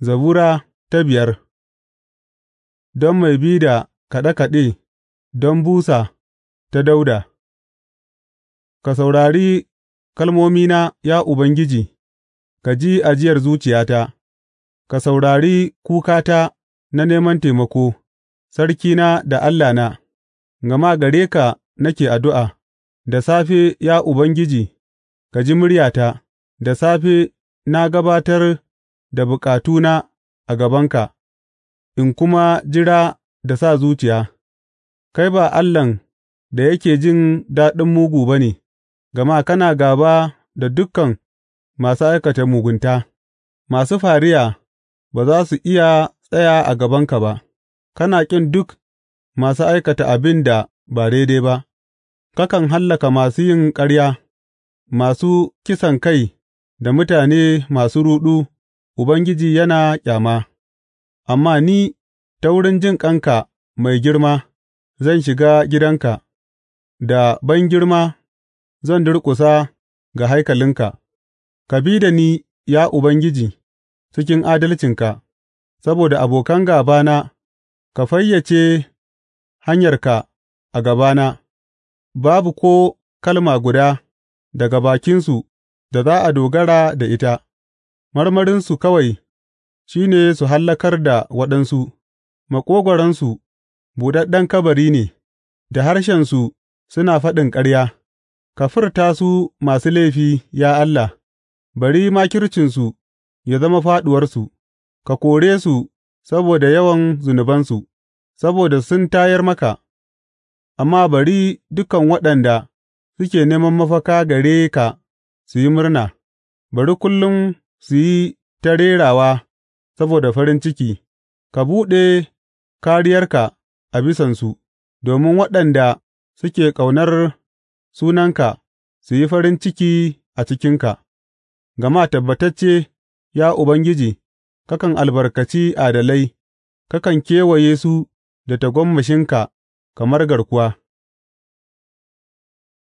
Zabura ta biyar Don mai bi da kaɗe kaɗe don busa ta Dauda. Ka saurari kalmomina, ya Ubangiji, ka ji ajiyar zuciyata; ka saurari kukata na neman taimako, Sarkina da Allahna, gama gare ka nake addu'a, da safe, ya Ubangiji, ka ji muryata; da safe na gabatar da bukatuna a gabanka, in kuma jira da sa zuciya; kai ba Allahn da yake jin daɗin mugu ba ne, gama kana gaba da dukan masu aikata mugunta; masu fariya ba za su iya tsaya a gabanka ba, kana ƙin duk masu aikata abin da ba daidai ba, kakan hallaka masu yin ƙarya, masu kisan kai, da mutane masu ruɗu. Ubangiji yana ƙyama, amma ni ta wurin jinƙanka mai girma zan shiga gidanka; da bangirma zan durƙusa ga haikalinka, ka bi da ni, ya Ubangiji, cikin adalcinka, saboda abokan gābana, ka fayyace hanyarka a gabana; babu ko kalma guda daga bakinsu da za a dogara da ita. Marmarinsu kawai shi ne su hallakar da waɗansu; maƙogwaransu buɗaɗɗen kabari ne, da harshensu suna faɗin ƙarya; ka furta su masu laifi, ya Allah, bari makircinsu ya zama fāɗuwarsu; ka kore su saboda yawan zunubansu, saboda sun tayar maka, amma bari dukan waɗanda suke neman mafaka gare ka su yi murna; bari kullum su yi ta rerawa saboda farin ciki; ka buɗe kariyarka a bisansu, domin waɗanda suke ƙaunar sunanka su yi farin ciki a cikinka, gama tabbatacce, ya Ubangiji, kakan albarkaci adalai; kakan kewaye su da tagomashinka kamar garkuwa.